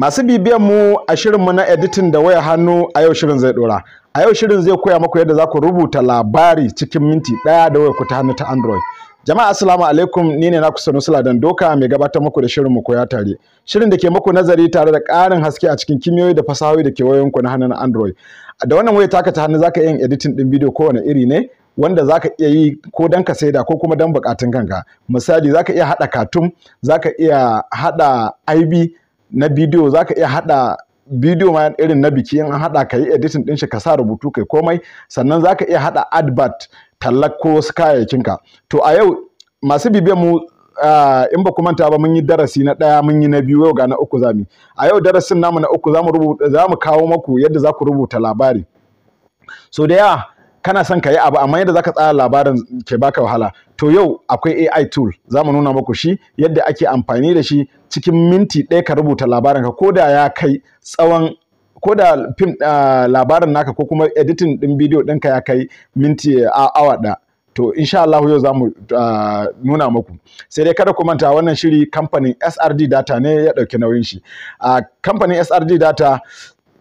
Masu bibiyan mu a shirin na editin da waya hannu a yau shirin zai dora. A yau shirin zai koya maku yadda za ku rubuta labari cikin minti ɗaya da waya ku hannu ta Android. Jama'a assalamu alaikum ni ne naku Sanu Ladan Doka mai gabatar muku da shirin mu koya tare. Shirin da ke muku nazari tare da ƙarin haske a cikin kimiyoyi da fasahohi da ke wayoyinku na hannu na Android. Da wannan waya taka ta hannu zaka yin editin din bidiyo kowane iri ne wanda zaka iya yi ko dan ka saida ko kuma dan bukatun kanka. Misali zaka iya hada katum, zaka iya hada IB, na bidiyo za ka iya haɗa bidiyo ma irin na biki in haɗa ka yi editing ɗin shi ka sa rubutu kai komai sannan za ka iya haɗa advert tallar ko wasu kayayyakinka to a yau masu bibiyan mu ah, in ba ku manta ba mun yi darasi na ɗaya mun yi na biyu yau ga na uku zamu a yau darasin namu na uku zamu rubuta kawo maku yadda za ku rubuta labari so da yawa kana son ka yi abu amma yadda ka tsara labarin ke baka wahala to yau akwai AI tool za mu nuna muku shi yadda ake amfani da shi cikin minti ɗaya ka rubuta labarin ka koda ya kai tsawon ko da fim ah, labarin naka ko kuma editin ɗin bidiyo ɗinka ya kai minti ah, awa ɗaya to insha Allah yau za mu ah, nuna muku sai dai kada ku manta wannan shiri kamfanin SRD data ne ya ɗauki nauyin shi a uh, kamfanin SRD data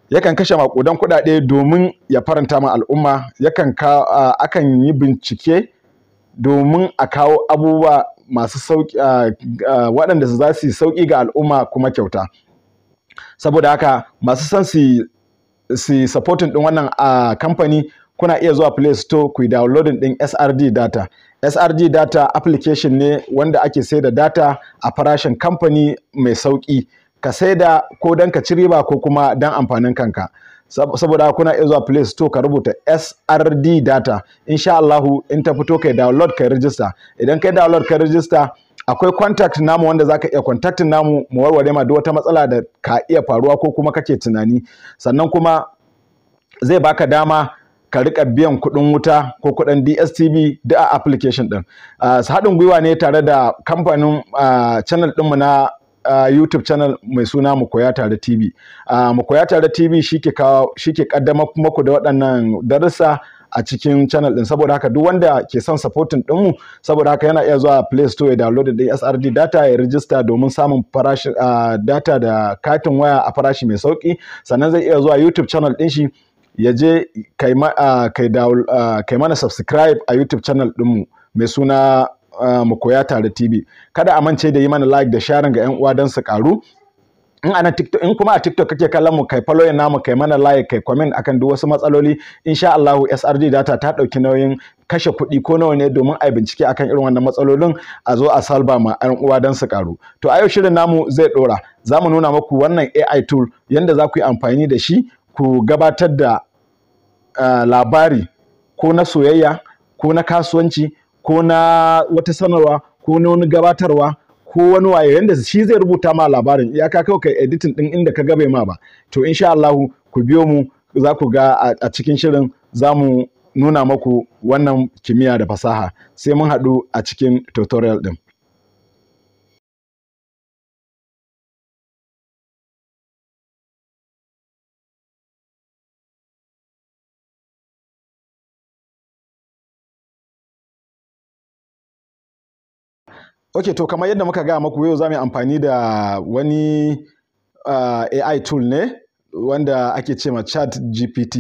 yakan kashe makudan kuɗaɗe domin ya faranta ma al'umma yakan ka akan yi bincike domin a kawo abubuwa masu sauki waɗanda za su sauki ga al'umma kuma kyauta saboda haka masu son su su supporting din wannan a kamfani kuna iya zuwa Play Store ku downloading din SRD data. SRD data application ne wanda ake sai da data a farashin kamfani mai sauki. ka saida ko dan ka ci riba ko kuma dan amfanin kanka saboda kuna iya zuwa Play Store ka rubuta SRD data insha Allahu in ta fito kai download kai register idan kai download kai register akwai contact namu wanda zaka iya contact namu mu warware ma duk wata matsala da ka iya faruwa ko kuma kake tunani sannan kuma zai baka dama ka rika biyan kuɗin wuta ko kuɗin DSTV da application din. Uh, ah, haɗin gwiwa ne tare da kamfanin uh, channel mu na uh, YouTube channel mai suna mu koya tare TV. Uh, mu tare TV shike kawo shike kaddama muku da waɗannan darussa a cikin channel din saboda haka duk wanda ke son supporting dinmu saboda haka yana iya zuwa Play Store ya download da SRD data ya register domin samun farashin uh, data da katin waya a farashi mai sauki sannan zai iya zuwa YouTube channel din shi ya je kai mana subscribe a YouTube channel dinmu mai suna Eh, mu koya tare TV kada a mance da yi mana like da sharing ga yan uwa don su karu in ana TikTok in kuma a TikTok kake kallon mu kai follow namu kai mana like kai comment akan duk wasu matsaloli insha Allah SRD data ta dauki nauyin kashe kuɗi ko nawa ne domin a bincike akan irin wannan matsalolin a zo a salba ma ɗan uwa don su karu to a yau shirin namu zai ɗora za mu nuna muku wannan AI tool yanda za ku yi amfani da shi ku gabatar da eh, labari ko na soyayya ko na kasuwanci ko na wata sanarwa ko na wani gabatarwa ko wani waye yanda shi zai rubuta ma labarin ya ka kawo kai editing din inda ka gabe ma ba to insha Allah ku biyo mu za ku ga a cikin shirin za mu nuna maku wannan kimiyya da fasaha sai mun haɗu a cikin tutorial ɗin. ok to kamar yadda muka gaya maku yau za mu yi amfani da wani uh, eh, ai tool ne wanda ake ce ma chat gpt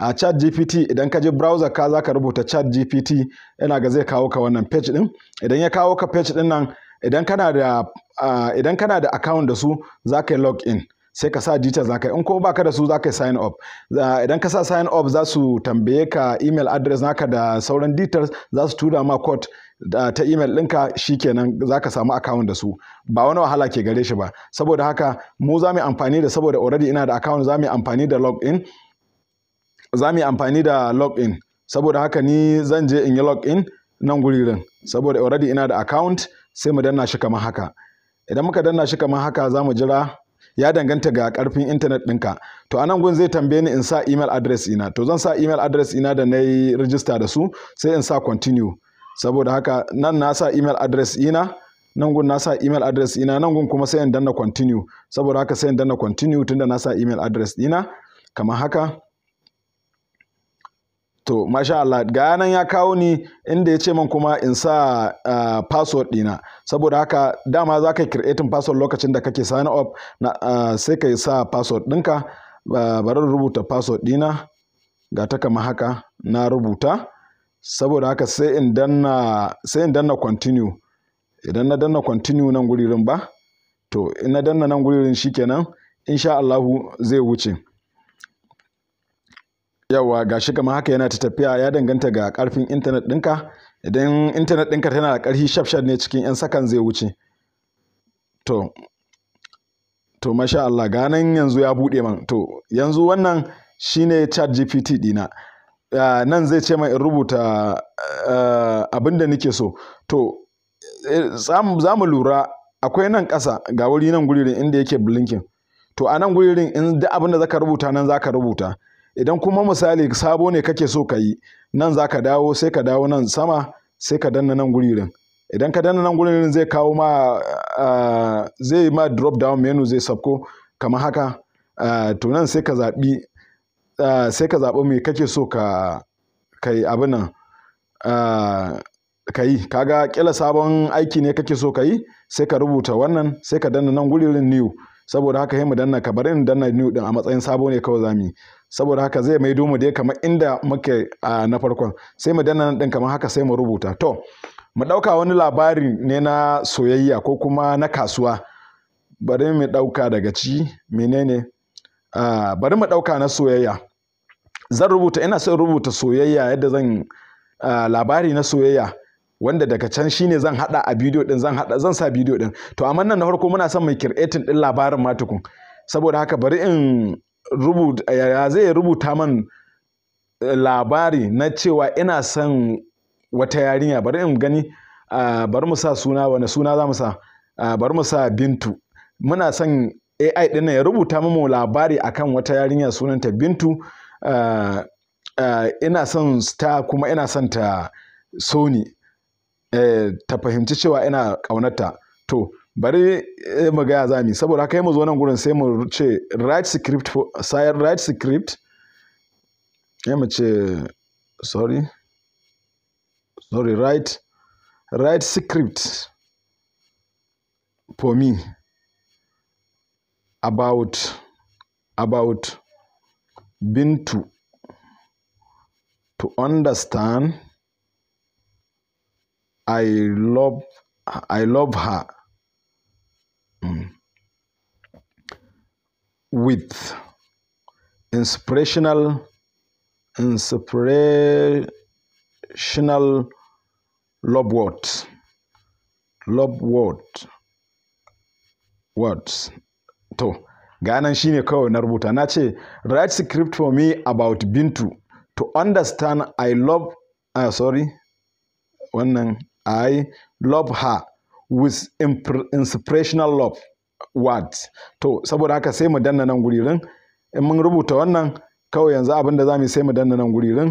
a chat gpt idan ka je browser ka za ka rubuta chat gpt yana ga zai kawo ka wannan page din idan ya kawo ka page din nan idan kana da ah, idan kana da account da su za ka yi log in sai ka sa details yi in kuma baka da su za ka sign up idan ka sa sign up za su tambaye ka email address naka da sauran details za su tura ma code ta email ɗinka shikenan za ka samu account da su ba wani wahala ke gare shi ba saboda haka mu za mu amfani da saboda already ina da account za mu amfani da login za mu amfani da login saboda haka ni zan je in yi login nan guririn saboda already ina da account sai mu danna shi kamar haka idan muka danna shi kamar haka za mu jira ya danganta ga karfin intanet ɗinka to anan gun zai tambaye ni in sa email address ina to zan sa email address ina da na yi register da su sai in sa continue saboda haka nan na sa email address ina nan gun na sa email address ina nan gun kuma sai in danna continue saboda haka sai in danna continue tunda na sa email address ina kamar haka to masha Allah ga nan ya kawo ni inda ya ce man kuma in sa uh, password dina saboda haka dama za ka creating password lokacin da kake sign up na uh, sai ka sa password ɗinka uh, bari rubuta password dina ga ta kama haka na rubuta saboda haka sai in danna sai in danna continue idan na danna continue nan guririn ba to in na danna nan guririn shikenan insha Allahu zai wuce yawa shi kamar haka yana ta tafiya ya danganta ga karfin intanet ɗinka idan intanet ɗinka tana da ƙarfi shafshaf ne cikin 'yan sakan zai wuce to to masha Allah ganin yanzu ya buɗe man to yanzu wannan shine chat gpt dina nan zai ce mai in rubuta eh, abin da nake so to eh, za mu lura akwai nan ƙasa ga wuri nan guririn inda yake blinking to a nan guririn inda abin da zaka rubuta nan zaka rubuta idan kuma misali sabo ne kake so ka yi nan za ka dawo sai ka dawo nan sama sai ka danna nan guririn idan ka danna nan guririn zai kawo ma zai ma drop down menu zai sabko kamar haka to nan sai ka zaɓi sai ka zaɓi mai kake so ka kai abin nan ka yi kaga kila sabon aiki ne kake so ka yi sai ka rubuta wannan sai ka danna nan guririn new saboda haka sai mu danna ka bari in danna new din a matsayin sabo ne kawai zamu yi saboda haka zai maido mu dai kamar inda muke na farkon sai mu danna nan din kamar haka sai mu rubuta to mu ɗauka wani labari ne na soyayya ko kuma na kasuwa bari mu ɗauka daga ci menene bari mu ɗauka na soyayya zan rubuta ina son rubuta soyayya yadda zan labari na soyayya wanda daga can shine zan hada a bidiyo din zan hada zan sa bidiyo din to amma nan na farko muna son mai creating din labarin ma tukun saboda haka bari in rubuta ya zai rubuta man eh, labari na cewa ina son wata yarinya bari in gani bari mu sa suna wani suna za mu sa bari mu sa bintu muna son AI din ya rubuta mu labari akan wata yarinya sunanta bintu ina son ta kuma ina son ta Sony. Eh, ta fahimci cewa ina ƙaunarta to bari eh, mu gaya za mu saboda haka mu zo nan gurin sai mu ce write script for sayar write script ya mu ce sorry sorry write write script for me about about bintu to understand I love I love her mm. with inspirational inspirational love words love word words to ganan shine kawai na rubuta na ce write script for me about bintu to understand i love ah sorry wannan I love her with inspirational love words. To, saboda haka sai mu danna nan guririn, in mun rubuta wannan kawai yanzu abin da za mu sai mu danna nan guririn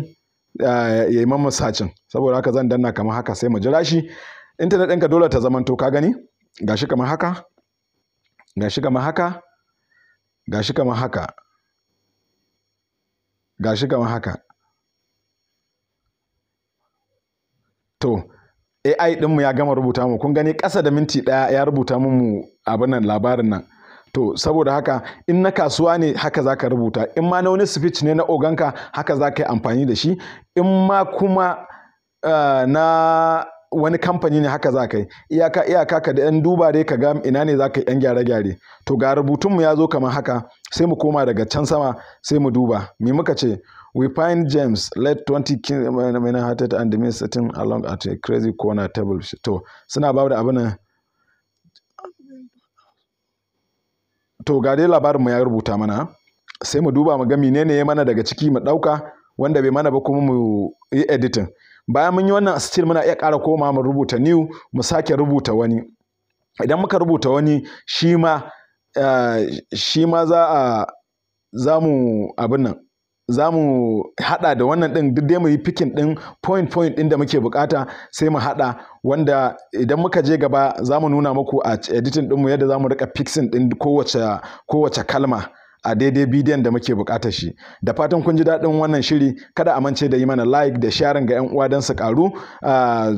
eh, ya yi mamman sacin. Saboda haka zan danna kamar haka sai mu jira shi. Intanet ɗinka dole ta zamanto ka gani, gashi kamar haka, gashi kamar haka, gashi kamar haka, gashi kamar haka. To, AI dinmu ya gama rubuta mu kun gani ƙasa da minti ɗaya ya rubuta mu abin nan labarin nan to saboda haka in na kasuwa ne haka zaka rubuta in ma na wani speech ne na oganka haka zaka yi amfani da shi in ma kuma eh, na wani kamfani ne haka za ka yi iyaka iyaka ka da 'yan duba dai ka ga ina ne za ka yi 'yan gyare-gyare to ga rubutunmu ya zo kamar haka sai mu koma daga can sama sai mu duba me muka ce we find James led 20 km and the sitting along at a crazy corner table to suna ba da abin to ga dai labarin mu ya rubuta mana sai mu duba mu ga menene ya mana daga ciki mu dauka wanda bai mana ba kuma mu yi editing bayan mun yi wannan still muna iya ƙara koma mu rubuta new mu sake rubuta wani idan muka rubuta wani shi ma eh, shi ma za a za mu abin nan za mu haɗa da wannan ɗin duk dai mu yi fikin ɗin point point ɗin da muke bukata sai mu haɗa wanda idan muka je gaba za mu nuna muku a editing ɗinmu yadda za mu rika fixing ɗin kowace kalma a daidai bidiyon da muke bukatar shi da fatan kun ji daɗin wannan shiri kada a mance da yi mana like da sharin ga 'yan uwa don su karu ah,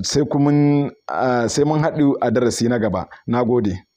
ah, sai mun haɗu a darasi na gaba na gode